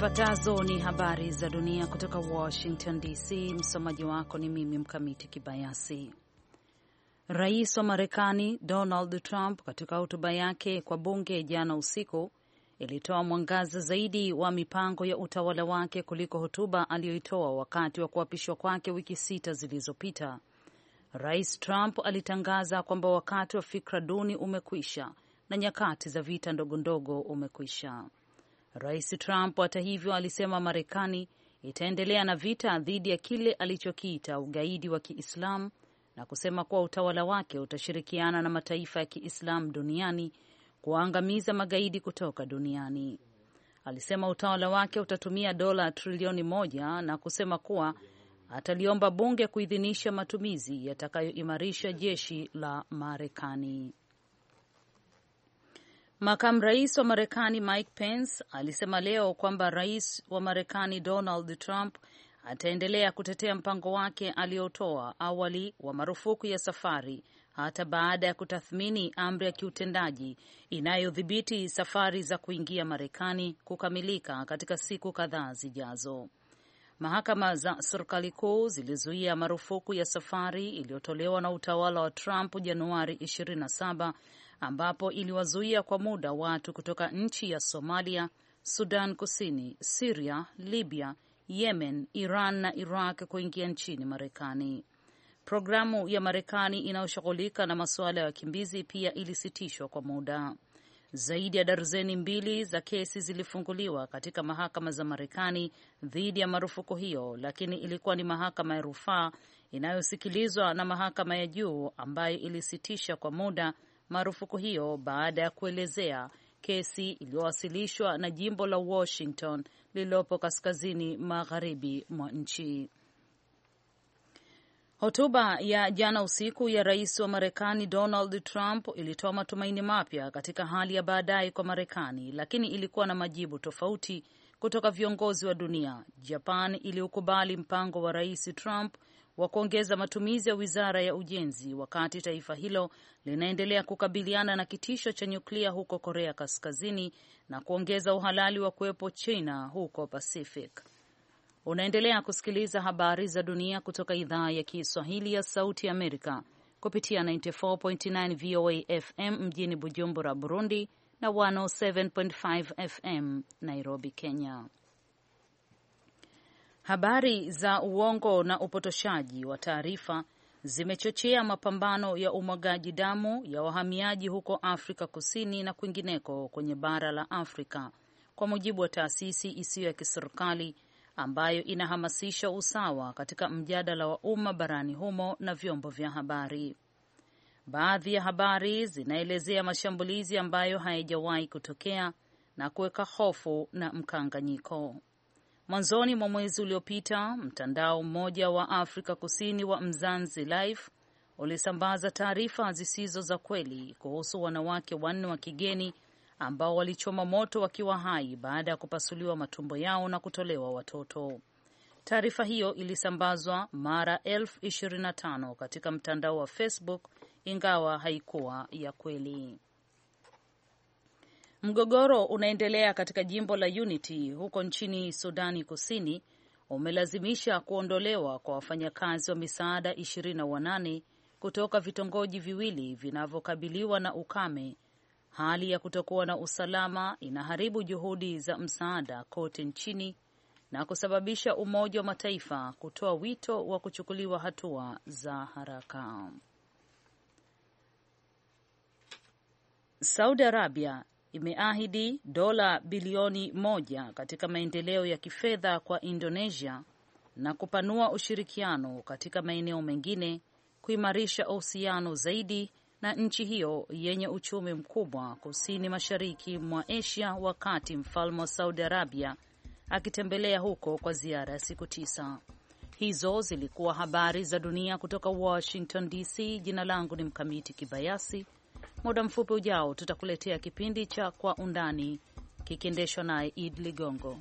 Zifuatazo ni habari za dunia kutoka Washington DC. Msomaji wako ni mimi Mkamiti Kibayasi. Rais wa Marekani Donald Trump katika hotuba yake kwa bunge jana usiku ilitoa mwangaza zaidi wa mipango ya utawala wake kuliko hotuba aliyoitoa wakati wa kuapishwa kwake wiki sita zilizopita. Rais Trump alitangaza kwamba wakati wa fikra duni umekwisha na nyakati za vita ndogondogo umekwisha. Rais Trump hata hivyo alisema Marekani itaendelea na vita dhidi ya kile alichokiita ugaidi wa Kiislamu na kusema kuwa utawala wake utashirikiana na mataifa ya Kiislamu duniani kuwaangamiza magaidi kutoka duniani. Alisema utawala wake utatumia dola trilioni moja na kusema kuwa ataliomba bunge kuidhinisha matumizi yatakayoimarisha jeshi la Marekani. Makamu rais wa Marekani Mike Pence alisema leo kwamba rais wa Marekani Donald Trump ataendelea kutetea mpango wake aliotoa awali wa marufuku ya safari hata baada ya kutathmini amri ya kiutendaji inayodhibiti safari za kuingia Marekani kukamilika katika siku kadhaa zijazo. Mahakama za serikali kuu zilizuia marufuku ya safari iliyotolewa na utawala wa Trump Januari ambapo iliwazuia kwa muda watu kutoka nchi ya Somalia, Sudan Kusini, Siria, Libya, Yemen, Iran na Iraq kuingia nchini Marekani. Programu ya Marekani inayoshughulika na masuala ya wakimbizi pia ilisitishwa kwa muda. Zaidi ya darzeni mbili za kesi zilifunguliwa katika mahakama za Marekani dhidi ya marufuku hiyo, lakini ilikuwa ni mahakama ya rufaa inayosikilizwa na mahakama ya juu ambayo ilisitisha kwa muda marufuku hiyo baada ya kuelezea kesi iliyowasilishwa na jimbo la Washington lililopo kaskazini magharibi mwa nchi. Hotuba ya jana usiku ya rais wa Marekani Donald Trump ilitoa matumaini mapya katika hali ya baadaye kwa Marekani, lakini ilikuwa na majibu tofauti kutoka viongozi wa dunia. Japan iliukubali mpango wa rais Trump wa kuongeza matumizi ya wizara ya ujenzi wakati taifa hilo linaendelea kukabiliana na kitisho cha nyuklia huko Korea Kaskazini na kuongeza uhalali wa kuwepo China huko Pacific. Unaendelea kusikiliza habari za dunia kutoka idhaa ya Kiswahili ya Sauti Amerika kupitia 94.9 VOA FM mjini Bujumbura, Burundi na 107.5 FM Nairobi, Kenya. Habari za uongo na upotoshaji wa taarifa zimechochea mapambano ya umwagaji damu ya wahamiaji huko Afrika Kusini na kwingineko kwenye bara la Afrika, kwa mujibu wa taasisi isiyo ya kiserikali ambayo inahamasisha usawa katika mjadala wa umma barani humo na vyombo vya habari. Baadhi ya habari zinaelezea mashambulizi ambayo hayajawahi kutokea na kuweka hofu na mkanganyiko. Mwanzoni mwa mwezi uliopita, mtandao mmoja wa Afrika Kusini wa Mzanzi Life ulisambaza taarifa zisizo za kweli kuhusu wanawake wanne wa kigeni ambao walichoma moto wakiwa hai baada ya kupasuliwa matumbo yao na kutolewa watoto. Taarifa hiyo ilisambazwa mara elfu 25 katika mtandao wa Facebook ingawa haikuwa ya kweli. Mgogoro unaendelea katika jimbo la Unity huko nchini Sudani Kusini umelazimisha kuondolewa kwa wafanyakazi wa misaada 28 kutoka vitongoji viwili vinavyokabiliwa na ukame. Hali ya kutokuwa na usalama inaharibu juhudi za msaada kote nchini na kusababisha Umoja wa Mataifa kutoa wito wa kuchukuliwa hatua za haraka. Saudi Arabia imeahidi dola bilioni moja katika maendeleo ya kifedha kwa Indonesia na kupanua ushirikiano katika maeneo mengine kuimarisha uhusiano zaidi na nchi hiyo yenye uchumi mkubwa kusini mashariki mwa Asia, wakati mfalme wa Saudi Arabia akitembelea huko kwa ziara ya siku tisa. Hizo zilikuwa habari za dunia kutoka Washington DC. Jina langu ni Mkamiti Kibayasi. Muda mfupi ujao tutakuletea kipindi cha Kwa Undani kikiendeshwa naye Id Ligongo.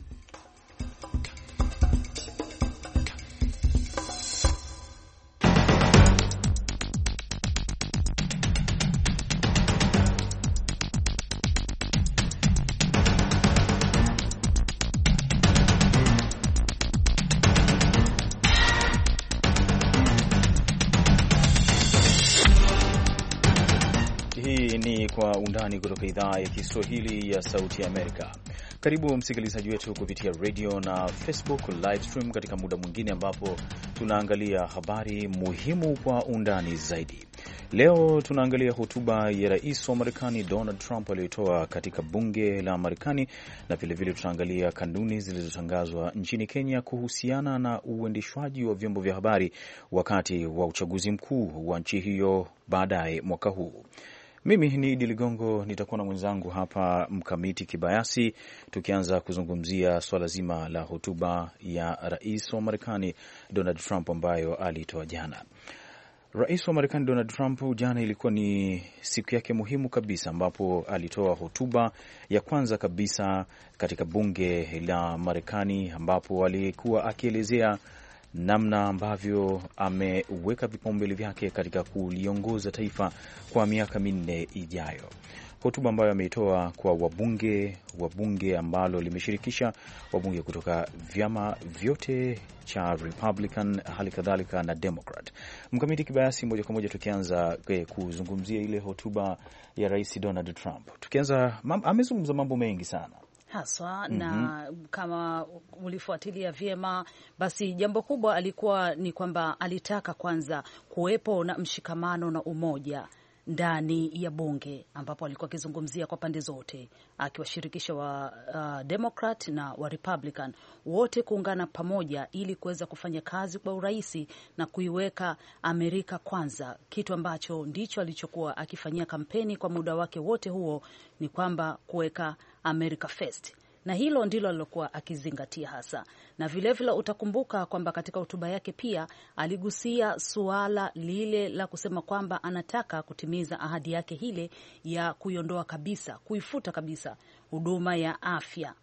idhaa ya Kiswahili ya Sauti ya Amerika. Karibu msikilizaji wetu kupitia radio na Facebook live stream katika muda mwingine ambapo tunaangalia habari muhimu kwa undani zaidi. Leo tunaangalia hotuba ya rais wa Marekani Donald Trump aliyotoa katika bunge la Marekani, na vilevile tutaangalia kanuni zilizotangazwa nchini Kenya kuhusiana na uendeshwaji wa vyombo vya habari wakati wa uchaguzi mkuu wa nchi hiyo baadaye mwaka huu. Mimi ni Idi Ligongo, nitakuwa na mwenzangu hapa Mkamiti Kibayasi, tukianza kuzungumzia swala zima la hotuba ya rais wa Marekani Donald Trump ambayo alitoa jana. Rais wa Marekani Donald Trump jana ilikuwa ni siku yake muhimu kabisa, ambapo alitoa hotuba ya kwanza kabisa katika bunge la Marekani, ambapo alikuwa akielezea namna ambavyo ameweka vipaumbele vyake katika kuliongoza taifa kwa miaka minne ijayo. Hotuba ambayo ameitoa kwa wabunge wa bunge ambalo limeshirikisha wabunge kutoka vyama vyote cha Republican hali kadhalika na Democrat. Mkamiti Kibayasi, moja kwa moja tukianza eh, kuzungumzia ile hotuba ya Rais Donald Trump, tukianza amezungumza mambo mengi sana haswa mm -hmm. Na mm-hmm. kama ulifuatilia vyema, basi jambo kubwa alikuwa ni kwamba alitaka kwanza kuwepo na mshikamano na umoja ndani ya bunge ambapo alikuwa akizungumzia kwa pande zote, akiwashirikisha wa uh, Democrat na wa Republican wote kuungana pamoja ili kuweza kufanya kazi kwa urahisi na kuiweka Amerika kwanza, kitu ambacho ndicho alichokuwa akifanyia kampeni kwa muda wake wote huo, ni kwamba kuweka America First na hilo ndilo alilokuwa akizingatia hasa, na vilevile vile utakumbuka kwamba katika hotuba yake pia aligusia suala lile la kusema kwamba anataka kutimiza ahadi yake hile ya kuiondoa kabisa, kuifuta kabisa huduma ya afya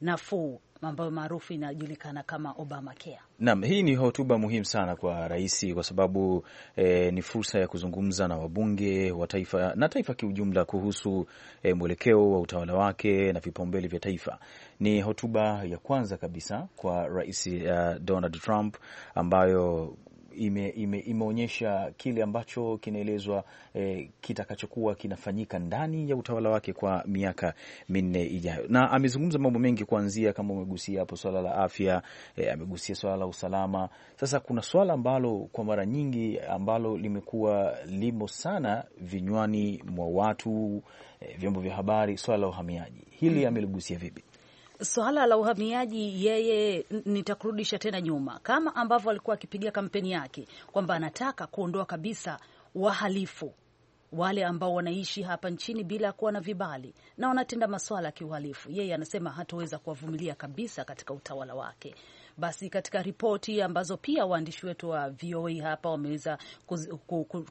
nafuu ambayo maarufu inajulikana kama Obamacare. Naam, hii ni hotuba muhimu sana kwa rais kwa sababu eh, ni fursa ya kuzungumza na wabunge wa taifa na taifa kiujumla kuhusu eh, mwelekeo wa utawala wake na vipaumbele vya taifa. Ni hotuba ya kwanza kabisa kwa rais uh, Donald Trump ambayo ime, ime, imeonyesha kile ambacho kinaelezwa e, kitakachokuwa kinafanyika ndani ya utawala wake kwa miaka minne ijayo, na amezungumza mambo mengi kuanzia kama umegusia hapo swala la afya e, amegusia swala la usalama. Sasa kuna swala ambalo kwa mara nyingi ambalo limekuwa limo sana vinywani mwa watu e, vyombo vya habari, swala la uhamiaji, hili hmm. ameligusia vipi? swala la uhamiaji, yeye nitakurudisha tena nyuma, kama ambavyo alikuwa akipiga kampeni yake kwamba anataka kuondoa kabisa wahalifu wale ambao wanaishi hapa nchini bila kuwa na vibali na wanatenda maswala ya kiuhalifu. Yeye anasema hataweza kuwavumilia kabisa katika utawala wake. Basi katika ripoti ambazo pia waandishi wetu wa VOA hapa wameweza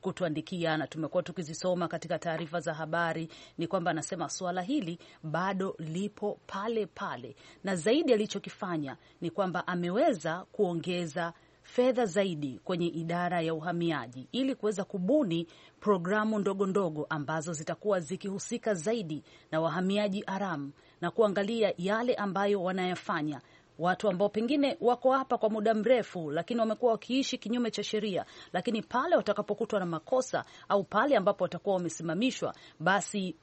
kutuandikia na tumekuwa tukizisoma katika taarifa za habari, ni kwamba anasema suala hili bado lipo pale pale, na zaidi alichokifanya ni kwamba ameweza kuongeza fedha zaidi kwenye idara ya uhamiaji ili kuweza kubuni programu ndogo ndogo ambazo zitakuwa zikihusika zaidi na wahamiaji haramu na kuangalia yale ambayo wanayafanya watu ambao pengine wako hapa kwa muda mrefu, lakini wamekuwa wakiishi kinyume cha sheria, lakini pale watakapokutwa na makosa au pale ambapo watakuwa wamesimamishwa, basi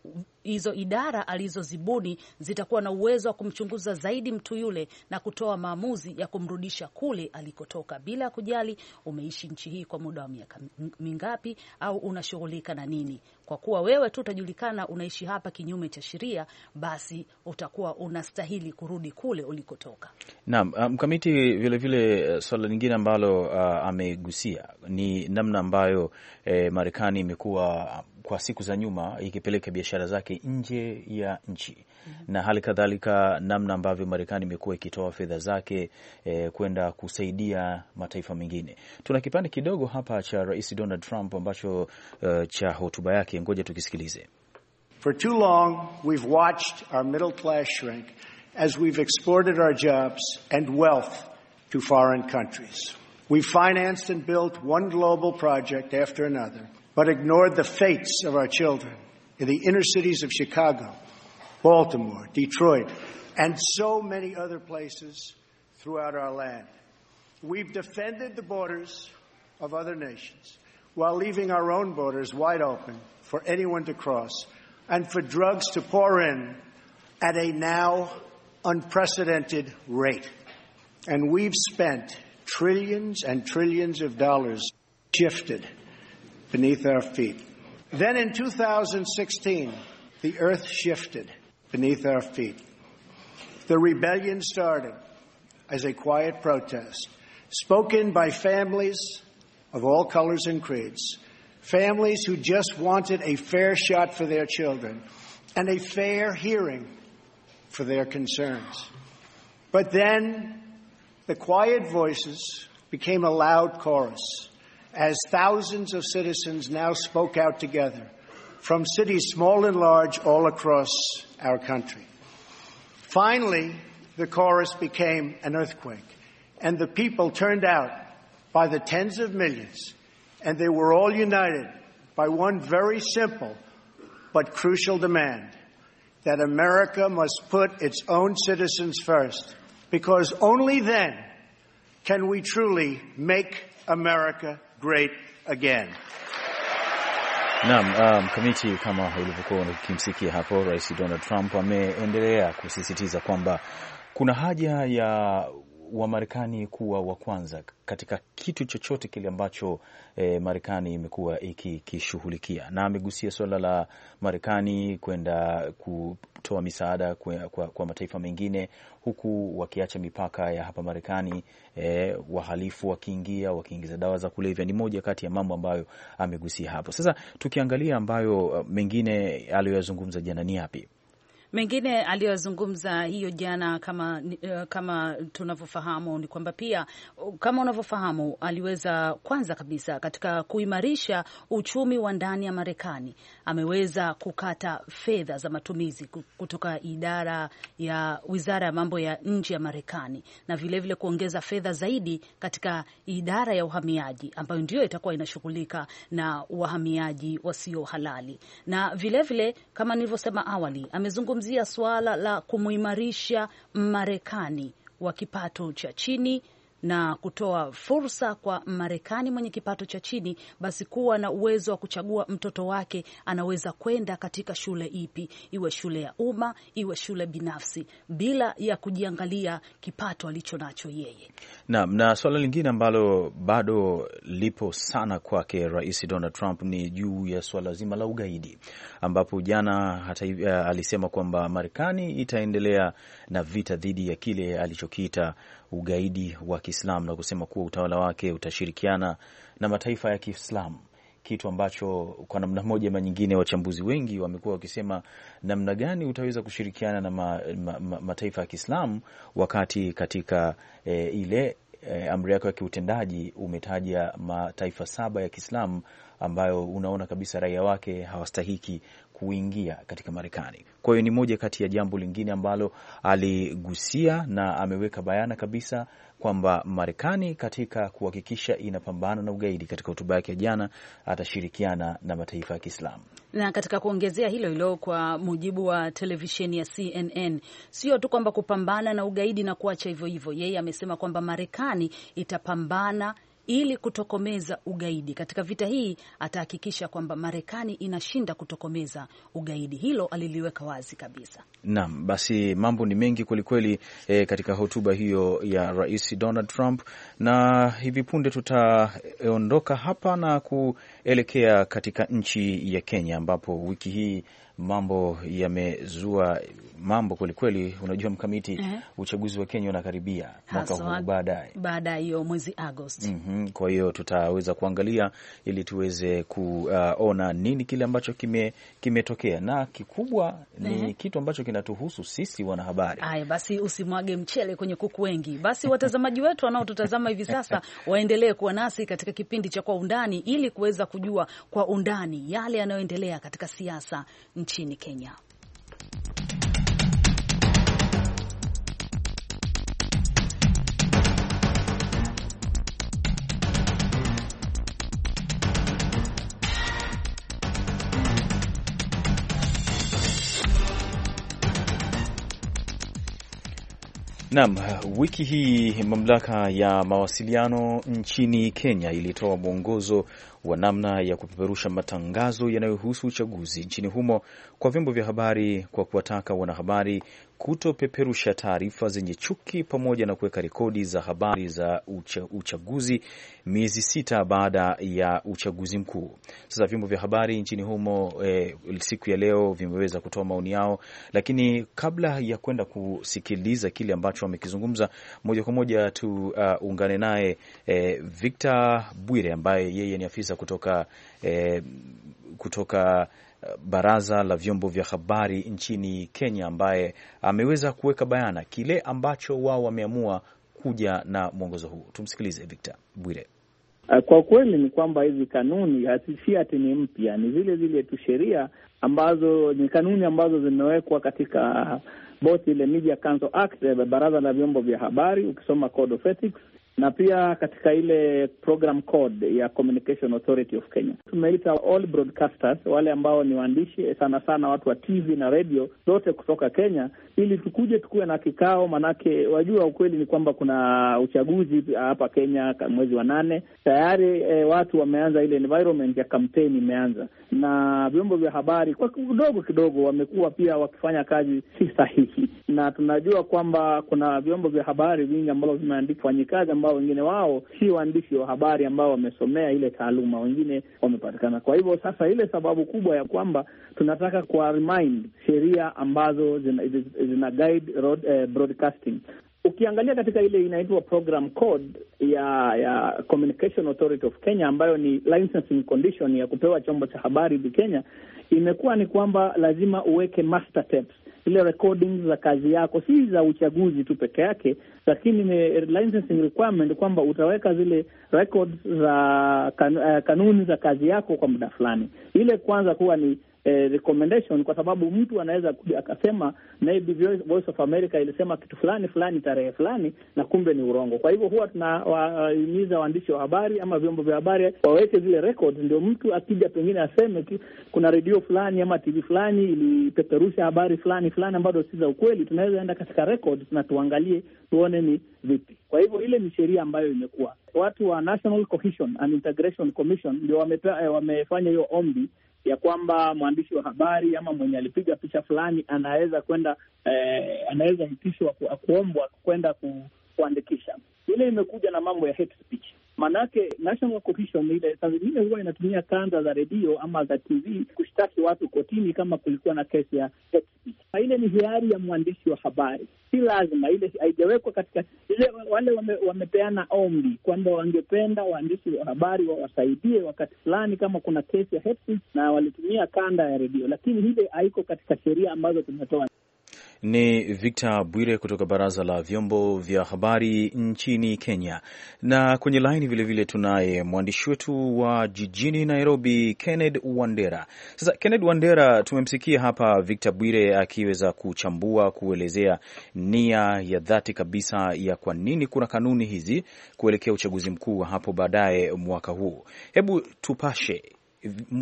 hizo idara alizozibuni zitakuwa na uwezo wa kumchunguza zaidi mtu yule na kutoa maamuzi ya kumrudisha kule alikotoka, bila ya kujali umeishi nchi hii kwa muda wa miaka mingapi au unashughulika na nini. Kwa kuwa wewe tu utajulikana unaishi hapa kinyume cha sheria, basi utakuwa unastahili kurudi kule ulikotoka. Naam, ah, mkamiti. Um, vilevile eh, swala lingine ambalo uh, amegusia ni namna ambayo eh, Marekani imekuwa kwa siku za nyuma ikipeleka biashara zake nje ya nchi mm -hmm. na hali kadhalika namna ambavyo Marekani imekuwa ikitoa fedha zake eh, kwenda kusaidia mataifa mengine. Tuna kipande kidogo hapa cha Rais Donald Trump ambacho uh, cha hotuba yake, ngoja tukisikilize. For too long we've watched our middle class shrink as we've exported our jobs and wealth to foreign countries. We've financed and built one global project after another but ignored the fates of our children in the inner cities of Chicago, Baltimore, Detroit, and so many other places throughout our land. We've defended the borders of other nations while leaving our own borders wide open for anyone to cross and for drugs to pour in at a now unprecedented rate. And we've spent trillions and trillions of dollars shifted beneath our feet. Then in 2016, the earth shifted beneath our feet. The rebellion started as a quiet protest, spoken by families of all colors and creeds, families who just wanted a fair shot for their children and a fair hearing for their concerns. But then the quiet voices became a loud chorus as thousands of citizens now spoke out together from cities small and large all across our country. Finally, the chorus became an earthquake, and the people turned out by the tens of millions, and they were all united by one very simple but crucial demand that America must put its own citizens first, because only then can we truly make America great again. Naam, um, kamiti kama ulivyokuwa ukimsikia hapo, Rais Donald Trump ameendelea kusisitiza kwamba kuna haja ya wa Marekani kuwa wa kwanza katika kitu chochote kile ambacho e, Marekani imekuwa ikikishughulikia, na amegusia suala la Marekani kwenda kutoa misaada kwa, kwa, kwa mataifa mengine huku wakiacha mipaka ya hapa Marekani, e, wahalifu wakiingia wakiingiza dawa za kulevya. Ni moja kati ya mambo ambayo amegusia hapo. Sasa tukiangalia ambayo eh, mengine aliyoyazungumza jana ni yapi? Mengine aliyozungumza hiyo jana, kama eh, kama tunavyofahamu ni kwamba pia, kama unavyofahamu, aliweza kwanza kabisa katika kuimarisha uchumi wa ndani ya Marekani, ameweza kukata fedha za matumizi kutoka idara ya wizara ya mambo ya nje ya Marekani na vilevile vile kuongeza fedha zaidi katika idara ya uhamiaji ambayo ndio itakuwa inashughulika na wahamiaji wasio halali na vilevile vile, kama nilivyosema awali amezungumza wanazungumzia suala la kumuimarisha Marekani wa kipato cha chini na kutoa fursa kwa Marekani mwenye kipato cha chini basi kuwa na uwezo wa kuchagua mtoto wake anaweza kwenda katika shule ipi, iwe shule ya umma, iwe shule binafsi, bila ya kujiangalia kipato alicho nacho yeye. Naam, na, na suala lingine ambalo bado lipo sana kwake Rais Donald Trump ni juu ya suala zima la ugaidi, ambapo jana hata uh, alisema kwamba Marekani itaendelea na vita dhidi ya kile alichokiita ugaidi wa Kiislamu na kusema kuwa utawala wake utashirikiana na mataifa ya Kiislamu, kitu ambacho kwa namna moja ama nyingine wachambuzi wengi wamekuwa wakisema namna gani utaweza kushirikiana na ma, ma, ma, mataifa ya Kiislamu wakati katika e, ile e, amri yako ya kiutendaji umetaja mataifa saba ya Kiislamu ambayo unaona kabisa raia wake hawastahiki kuingia katika Marekani. Kwa hiyo ni moja kati ya jambo lingine ambalo aligusia na ameweka bayana kabisa kwamba Marekani katika kuhakikisha inapambana na ugaidi, katika hotuba yake ya jana atashirikiana na mataifa ya Kiislamu. Na katika kuongezea hilo hilo, kwa mujibu wa televisheni ya CNN, sio tu kwamba kupambana na ugaidi na kuacha hivyo hivyo, yeye amesema kwamba Marekani itapambana ili kutokomeza ugaidi. Katika vita hii atahakikisha kwamba Marekani inashinda kutokomeza ugaidi. Hilo aliliweka wazi kabisa. Naam, basi mambo ni mengi kwelikweli e, eh, katika hotuba hiyo ya Rais Donald Trump, na hivi punde tutaondoka hapa na kuelekea katika nchi ya Kenya ambapo wiki hii mambo yamezua mambo kwelikweli. Unajua mkamiti uh Uchaguzi wa Kenya unakaribia mwaka huu baadaye, baada hiyo mwezi Agosti mm -hmm. Kwa hiyo tutaweza kuangalia ili tuweze kuona uh, nini kile ambacho kimetokea kime na kikubwa uh -huh. Ni eh. kitu ambacho kinatuhusu sisi wanahabari. Haya basi, usimwage mchele kwenye kuku wengi. Basi watazamaji wetu wanaotutazama hivi sasa waendelee kuwa nasi katika kipindi cha Kwa Undani ili kuweza kujua kwa undani yale yanayoendelea katika siasa nchini Kenya. Naam, wiki hii mamlaka ya mawasiliano nchini Kenya ilitoa mwongozo wa namna ya kupeperusha matangazo yanayohusu uchaguzi nchini humo kwa vyombo vya habari kwa kuwataka wanahabari kutopeperusha taarifa zenye chuki pamoja na kuweka rekodi za habari za ucha, uchaguzi miezi sita baada ya uchaguzi mkuu. Sasa vyombo vya habari nchini humo e, siku ya leo vimeweza kutoa maoni yao, lakini kabla ya kwenda kusikiliza kile ambacho wamekizungumza moja kwa moja tuungane uh, naye e, Victor Bwire ambaye yeye ni afisa kabisa kutoka, e, kutoka eh, baraza la vyombo vya habari nchini Kenya ambaye ameweza kuweka bayana kile ambacho wao wameamua kuja na mwongozo huu. Tumsikilize Victor Bwire. Eh, kwa ukweli ni kwamba hizi kanuni si ati ni mpya, ni zile zile tu sheria ambazo ni kanuni ambazo zimewekwa katika both ile Media Council Act, baraza la vyombo vya habari. Ukisoma Code of Ethics na pia katika ile program code ya Communication Authority of Kenya tumeita all broadcasters, wale ambao ni waandishi eh, sana sana watu wa TV na radio zote kutoka Kenya, ili tukuje tukuwe na kikao, manake wajua ukweli ni kwamba kuna uchaguzi hapa Kenya mwezi wa nane tayari. E, watu wameanza ile environment ya kampeni imeanza, na vyombo vya habari kwa kidogo kidogo wamekuwa pia wakifanya kazi si sahihi, na tunajua kwamba kuna vyombo vya habari vingi ambavyo vimeandikwa fanyikazi ambao ambao wengine wao si waandishi wa habari ambao wamesomea ile taaluma, wengine wamepatikana. Kwa hivyo sasa, ile sababu kubwa ya kwamba tunataka kuwa remind sheria ambazo zina, zina guide road, eh, broadcasting Ukiangalia katika ile inaitwa program code ya ya Communication Authority of Kenya ambayo ni licensing condition ya kupewa chombo cha habari hivi Kenya, imekuwa ni kwamba lazima uweke master tapes, ile recordings za kazi yako, si za uchaguzi tu peke yake, lakini licensing requirement kwamba utaweka zile records za kan, uh, kanuni za kazi yako kwa muda fulani. Ile kwanza kuwa ni eh, recommendation kwa sababu mtu anaweza kuja akasema maybe Voice of America ilisema kitu fulani fulani tarehe fulani na kumbe ni urongo. Kwa hivyo huwa tunawahimiza waandishi wa habari ama vyombo vya habari waweke zile records, ndio mtu akija pengine aseme kuna redio fulani ama TV fulani ilipeperusha habari fulani fulani ambazo si za ukweli, tunaweza enda katika records na tuangalie tuone ni vipi. Kwa hivyo ile ni sheria ambayo imekuwa watu wa National Cohesion and Integration Commission ndio eh, wamefanya hiyo ombi ya kwamba mwandishi wa habari ama mwenye alipiga picha fulani anaweza kwenda eh, anaweza itishwa kuombwa kwenda ku kuandikisha. Ile imekuja na mambo ya hate speech, Manake National Commission ile saa zingine huwa inatumia kanda za redio ama za TV kushtaki watu kotini kama kulikuwa na kesi ya hate speech. Na ile ni hiari ya mwandishi wa habari, si lazima ile haijawekwa katika ile. Wale wame, wamepeana ombi kwamba wangependa waandishi wa habari wawasaidie wakati fulani kama kuna kesi ya hate speech, na walitumia kanda ya redio, lakini hile haiko katika sheria ambazo tumetoa ni Victor Bwire kutoka Baraza la Vyombo vya Habari nchini Kenya, na kwenye laini vilevile tunaye mwandishi wetu wa jijini Nairobi, Kenneth Wandera. Sasa Kenneth Wandera, tumemsikia hapa Victor Bwire akiweza kuchambua, kuelezea nia ya dhati kabisa ya kwa nini kuna kanuni hizi kuelekea uchaguzi mkuu hapo baadaye mwaka huu. Hebu tupashe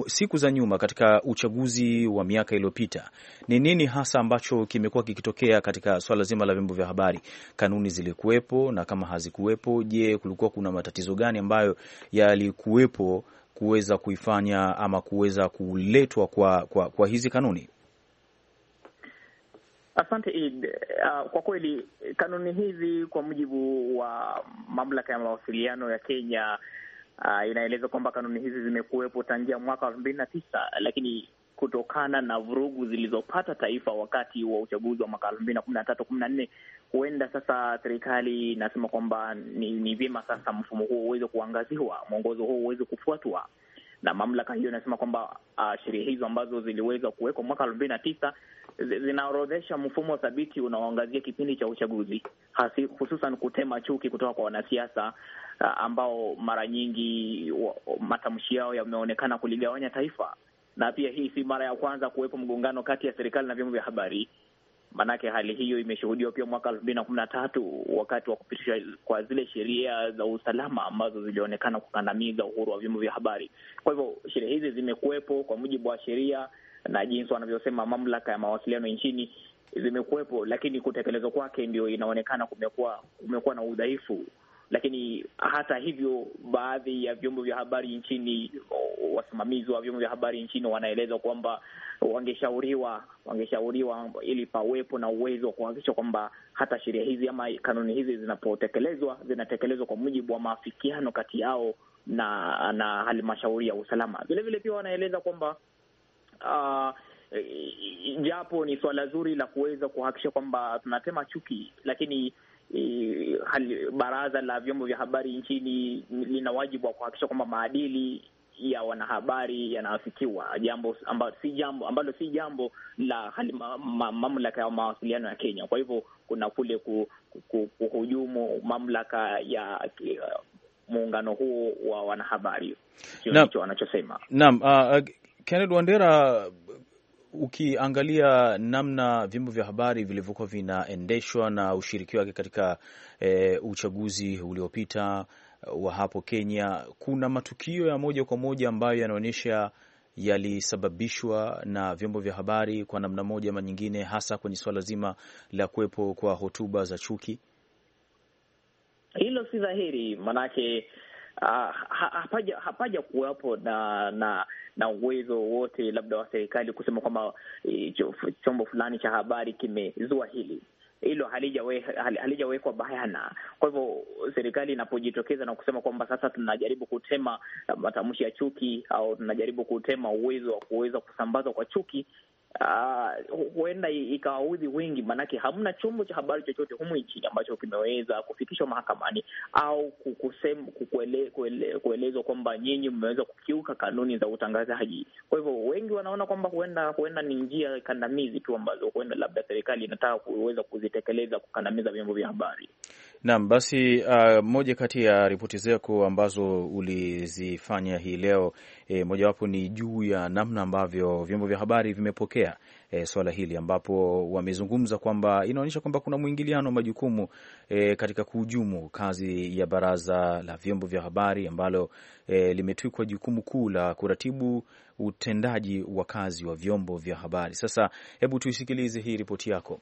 siku za nyuma katika uchaguzi wa miaka iliyopita, ni nini hasa ambacho kimekuwa kikitokea katika swala zima la vyombo vya habari? Kanuni zilikuwepo, na kama hazikuwepo, je, kulikuwa kuna matatizo gani ambayo yalikuwepo kuweza kuifanya ama kuweza kuletwa kwa, kwa, kwa hizi kanuni? Asante Id. Uh, ah, kwa kweli kanuni hizi kwa mujibu wa mamlaka ya mawasiliano ya Kenya Uh, inaelezwa kwamba kanuni hizi zimekuwepo tangia mwaka elfu mbili na tisa lakini kutokana na vurugu zilizopata taifa wakati wa uchaguzi wa mwaka elfu mbili na kumi na tatu kumi na nne huenda sasa serikali inasema kwamba ni, ni vyema sasa mfumo huo uweze kuangaziwa, mwongozo huo uweze kufuatwa na mamlaka hiyo inasema kwamba uh, sheria hizo ambazo ziliweza kuwekwa mwaka elfu mbili na tisa zinaorodhesha mfumo thabiti unaoangazia kipindi cha uchaguzi hasi, hususan kutema chuki kutoka kwa wanasiasa uh, ambao mara nyingi matamshi yao yameonekana kuligawanya taifa na pia hii si mara ya kwanza kuwepo mgongano kati ya serikali na vyombo vya habari. Maanake hali hiyo imeshuhudiwa pia mwaka elfu mbili na kumi na tatu wakati wa kupitishwa kwa zile sheria za usalama ambazo zilionekana kukandamiza uhuru wa vyombo vya habari. Kwa hivyo sheria hizi zimekuwepo kwa mujibu wa sheria na jinsi wanavyosema mamlaka ya mawasiliano nchini zimekuwepo, lakini kutekelezwa kwake ndio inaonekana kumekuwa kumekuwa na udhaifu. Lakini hata hivyo, baadhi ya vyombo vya habari nchini, wasimamizi wa vyombo vya habari nchini wanaeleza kwamba wangeshauriwa wangeshauriwa ili pawepo na uwezo wa kuhakikisha kwamba hata sheria hizi ama kanuni hizi zinapotekelezwa zinatekelezwa kwa mujibu wa maafikiano kati yao na na halmashauri ya usalama. Vilevile pia wanaeleza kwamba uh, japo ni swala zuri la kuweza kuhakikisha kwamba tunatema chuki, lakini hali, baraza la vyombo vya habari nchini lina wajibu wa kuhakikisha kwamba maadili ya wanahabari yanaafikiwa, jambo ambalo si jambo ambalo si jambo la mamlaka ma, ma, ya mawasiliano ya Kenya. Kwa hivyo kuna kule kuhujumu ku, mamlaka ya uh, muungano huo wa wanahabari, hicho wanachosema. Naam, uh, uh Kenneth Wandera, ukiangalia namna vyombo vya habari vilivyokuwa vinaendeshwa na ushiriki wake katika e, uchaguzi uliopita eh, wa hapo Kenya, kuna matukio ya moja kwa moja ambayo yanaonyesha yalisababishwa na vyombo vya habari kwa namna moja ama nyingine, hasa kwenye suala zima la kuwepo kwa hotuba za chuki. Hilo si dhahiri, manake uh, hapaja hapaja kuwapo na na na uwezo wote labda wa serikali kusema kwamba e, chombo fulani cha habari kimezua hili hilo halijawekwa halija bayana. Kwa hivyo serikali inapojitokeza na kusema kwamba sasa tunajaribu kutema uh, matamshi ya chuki au tunajaribu kutema uwezo wa kuweza kusambazwa kwa chuki, uh, huenda ikawaudhi wengi, maanake hamna chombo cha habari chochote humu nchini ambacho kimeweza kufikishwa mahakamani au kuelezwa kuele, kuele, kwamba nyinyi mmeweza kukiuka kanuni za utangazaji. Kwa hivyo wengi wanaona kwamba huenda huenda ni njia kandamizi tu ambazo huenda labda serikali inataka kuweza kuzitekeleza kukandamiza vyombo vya habari. Naam, basi uh, moja kati ya ripoti zako ambazo ulizifanya hii leo e, mojawapo ni juu ya namna ambavyo vyombo vya habari vimepokea e, swala hili ambapo wamezungumza kwamba inaonyesha kwamba kuna mwingiliano wa majukumu e, katika kuhujumu kazi ya Baraza la Vyombo vya Habari ambalo e, limetwikwa jukumu kuu la kuratibu utendaji wa kazi wa vyombo vya habari. Sasa hebu tuisikilize hii ripoti yako.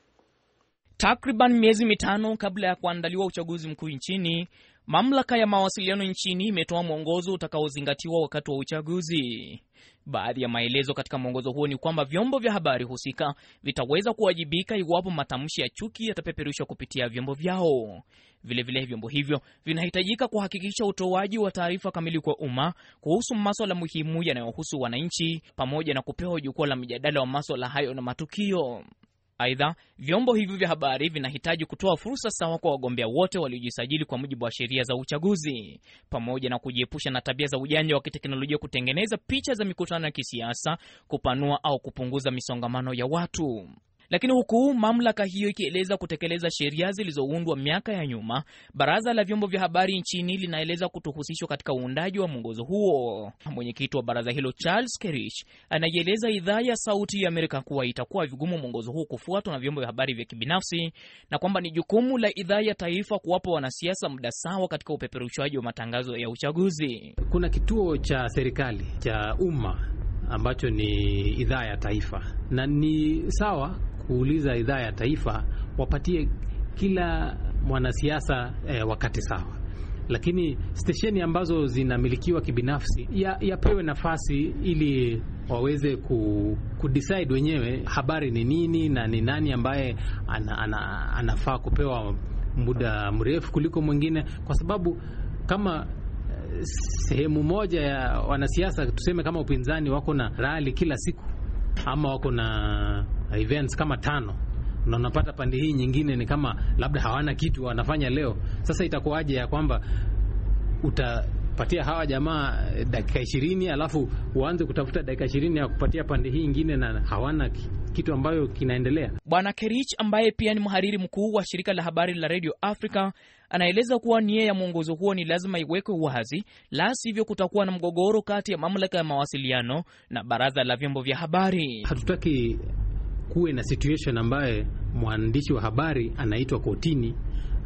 Takriban miezi mitano kabla ya kuandaliwa uchaguzi mkuu nchini, mamlaka ya mawasiliano nchini imetoa mwongozo utakaozingatiwa wakati wa uchaguzi. Baadhi ya maelezo katika mwongozo huo ni kwamba vyombo vya habari husika vitaweza kuwajibika iwapo matamshi ya chuki yatapeperushwa kupitia vyombo vyao. Vilevile vile vyombo hivyo vinahitajika kuhakikisha utoaji wa taarifa kamili kwa umma kuhusu maswala muhimu yanayohusu wananchi, pamoja na kupewa jukwaa la mjadala wa maswala hayo na matukio. Aidha, vyombo hivi vya habari vinahitaji kutoa fursa sawa kwa wagombea wote waliojisajili kwa mujibu wa sheria za uchaguzi, pamoja na kujiepusha na tabia za ujanja wa kiteknolojia, kutengeneza picha za mikutano ya kisiasa, kupanua au kupunguza misongamano ya watu. Lakini huku mamlaka hiyo ikieleza kutekeleza sheria zilizoundwa miaka ya nyuma, baraza la vyombo vya habari nchini linaeleza kutohusishwa katika uundaji wa mwongozo huo. Mwenyekiti wa baraza hilo Charles Kerich anaieleza idhaa ya Sauti ya Amerika kuwa itakuwa vigumu mwongozo huo kufuatwa na vyombo vya habari vya kibinafsi na kwamba ni jukumu la idhaa ya taifa kuwapa wanasiasa muda sawa katika upeperushwaji wa matangazo ya uchaguzi. Kuna kituo cha serikali cha umma ambacho ni idhaa ya taifa na ni sawa kuuliza idhaa ya taifa wapatie kila mwanasiasa eh, wakati sawa lakini stesheni ambazo zinamilikiwa kibinafsi yapewe ya nafasi ili waweze ku, kudecide wenyewe habari ni nini na ni nani ambaye ana, ana, anafaa kupewa muda mrefu kuliko mwingine, kwa sababu kama eh, sehemu moja ya wanasiasa tuseme kama upinzani wako na rali kila siku ama wako na events kama tano na unapata pande hii nyingine ni kama labda hawana kitu wanafanya leo. Sasa itakuwaje ya kwamba utapatia hawa jamaa eh, dakika ishirini alafu uanze kutafuta dakika ishirini ya kupatia pande hii nyingine na hawana kitu ambayo kinaendelea. Bwana Kerich ambaye pia ni mhariri mkuu wa shirika la habari la Radio Africa anaeleza kuwa nia ya mwongozo huo ni lazima iwekwe wazi, la sivyo kutakuwa na mgogoro kati ya mamlaka ya mawasiliano na baraza la vyombo vya habari. Hatutaki kuwe na situation ambaye mwandishi wa habari anaitwa kotini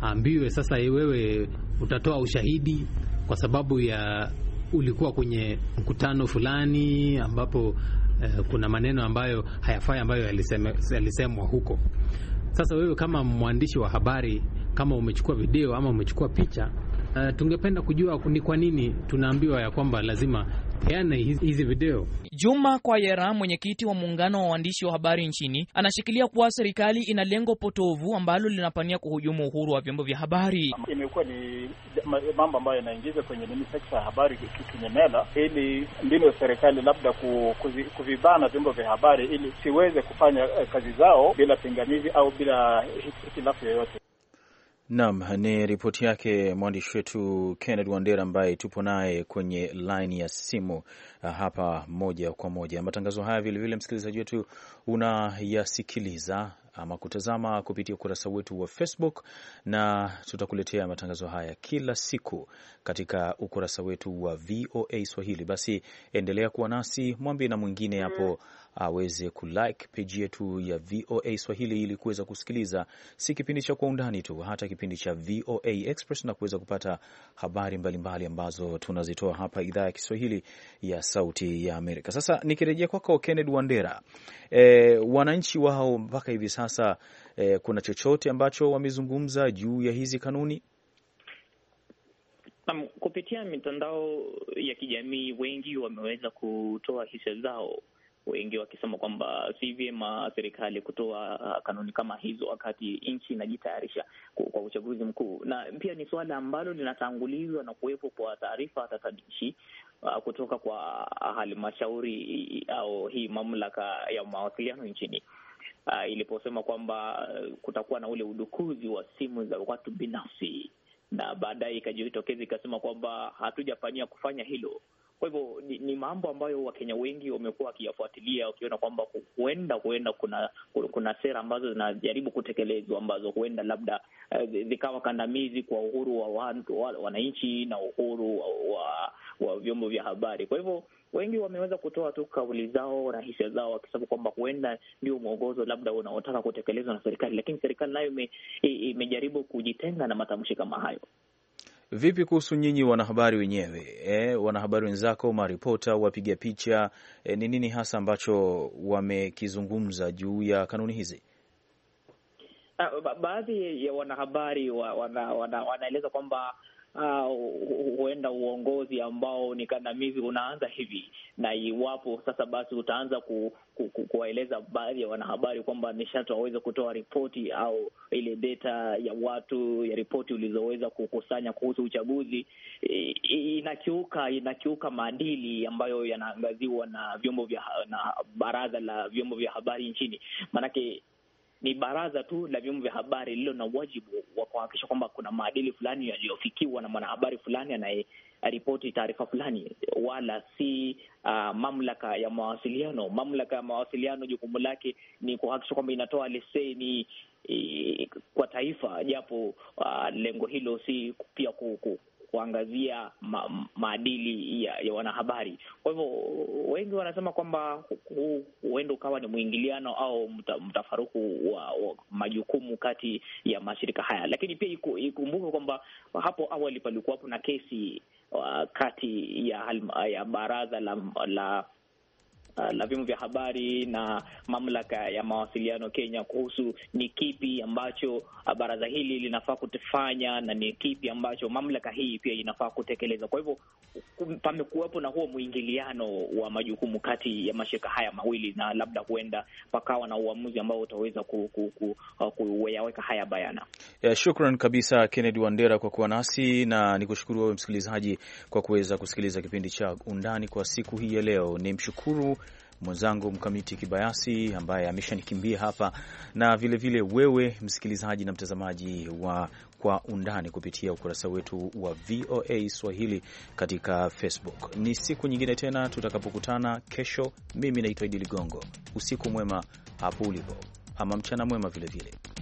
ambiwe sasa, wewe utatoa ushahidi kwa sababu ya ulikuwa kwenye mkutano fulani ambapo eh, kuna maneno ambayo hayafai ambayo yalisemwa huko. Sasa wewe kama mwandishi wa habari, kama umechukua video ama umechukua picha Uh, tungependa kujua ni kwa nini tunaambiwa ya kwamba lazima peane hizi video. Juma Kwayera, mwenyekiti wa muungano wa waandishi wa habari nchini, anashikilia kuwa serikali ina lengo potovu ambalo linapania kuhujumu uhuru wa vyombo vya habari. Imekuwa ni mambo ambayo yanaingiza kwenye nini, sekta ya habari kinyemela, ili mbinu ya serikali labda kuvibana vyombo vya habari ili siweze kufanya eh, kazi zao bila pingamizi au bila hitilafu yoyote. Naam, ni ripoti yake mwandishi wetu Kennedy Wandera ambaye tupo naye kwenye laini ya simu ah, hapa moja kwa moja. Matangazo haya vilevile, msikilizaji wetu unayasikiliza ama kutazama kupitia ukurasa wetu wa Facebook, na tutakuletea matangazo haya kila siku katika ukurasa wetu wa VOA Swahili. Basi endelea kuwa nasi, mwambie na mwingine mm. hapo aweze kulike peji yetu ya VOA Swahili ili kuweza kusikiliza si kipindi cha Kwa Undani tu, hata kipindi cha VOA Express na kuweza kupata habari mbalimbali mbali ambazo tunazitoa hapa idhaa ya Kiswahili ya Sauti ya Amerika. Sasa nikirejea kwako Kenneth Wandera, e, wananchi wao mpaka hivi sasa sasa eh, kuna chochote ambacho wamezungumza juu ya hizi kanuni? Um, kupitia mitandao ya kijamii wengi wameweza kutoa hisia zao, wengi wakisema kwamba si vyema serikali kutoa ah, kanuni kama hizo wakati nchi inajitayarisha kwa uchaguzi mkuu, na pia ni suala ambalo linatangulizwa na kuwepo kwa taarifa tatanishi ah, kutoka kwa halmashauri au hii mamlaka ya mawasiliano nchini uh, iliposema kwamba uh, kutakuwa na ule udukuzi wa simu za watu binafsi, na baadaye ikajitokeza ikasema kwamba hatujapania kufanya hilo. Kwa hivyo ni, ni mambo ambayo Wakenya wengi wamekuwa wakiyafuatilia wakiona kwamba huenda huenda kuna kuna sera ambazo zinajaribu kutekelezwa ambazo huenda labda uh, zikawa kandamizi kwa uhuru wa wananchi na uhuru wa wa vyombo vya habari. Kwa hivyo wengi wameweza kutoa tu kauli zao na hisia zao, wakisema kwamba huenda ndio mwongozo labda unaotaka kutekelezwa na serikali, lakini serikali nayo imejaribu kujitenga na matamshi kama hayo. Vipi kuhusu nyinyi wanahabari wenyewe eh, wanahabari wenzako, maripota, wapiga picha, eh, ni eh, nini hasa ambacho wamekizungumza juu ya kanuni hizi? Ah, baadhi ya wanahabari wa, wana, wana, wanaeleza kwamba Ah, huenda uh, uongozi ambao ni kandamizi unaanza hivi, na iwapo sasa basi utaanza ku, ku, ku, kuwaeleza baadhi ya wanahabari kwamba nishati waweze kutoa ripoti au ile data ya watu ya ripoti ulizoweza kukusanya kuhusu uchaguzi, inakiuka inakiuka maadili ambayo yanaangaziwa na vyombo vya na baraza la vyombo vya habari nchini, maanake ni baraza tu la vyombo vya habari lililo na wajibu wa kuhakikisha kwamba kuna maadili fulani yaliyofikiwa na mwanahabari fulani anayeripoti taarifa fulani, wala si uh, mamlaka ya mawasiliano. Mamlaka ya mawasiliano jukumu lake ni kuhakikisha kwamba inatoa leseni eh, kwa taifa, japo uh, lengo hilo si pia kuangazia ma, maadili ya, ya wanahabari. Kwa hivyo wengi wanasema kwamba huenda ukawa ni mwingiliano au mta, mtafaruku wa, wa majukumu kati ya mashirika haya, lakini pia ikumbuke kwamba hapo awali palikuwapo na kesi uh, kati ya, ya baraza la, la Eh, la vyombo vya habari na mamlaka ya mawasiliano Kenya kuhusu ni kipi ambacho eh, baraza hili linafaa kutifanya na ni kipi ambacho mamlaka hii pia inafaa kutekeleza. Kwa hivyo pamekuwepo na huo mwingiliano wa majukumu kati ya mashirika haya mawili, na labda huenda pakawa na uamuzi ambao utaweza eh, kuyaweka haya bayana. Yeah, shukran kabisa Kennedy Wandera kwa kuwa nasi na nikushukuru wewe msikilizaji kwa kuweza kusikiliza kipindi cha Undani kwa siku hii ya leo. Ni mshukuru mwenzangu Mkamiti Kibayasi ambaye ameshanikimbia hapa, na vilevile vile wewe msikilizaji na mtazamaji wa Kwa Undani kupitia ukurasa wetu wa VOA Swahili katika Facebook. Ni siku nyingine tena tutakapokutana kesho. Mimi naitwa Idi Ligongo. Usiku mwema hapo ulipo, ama mchana mwema vilevile vile.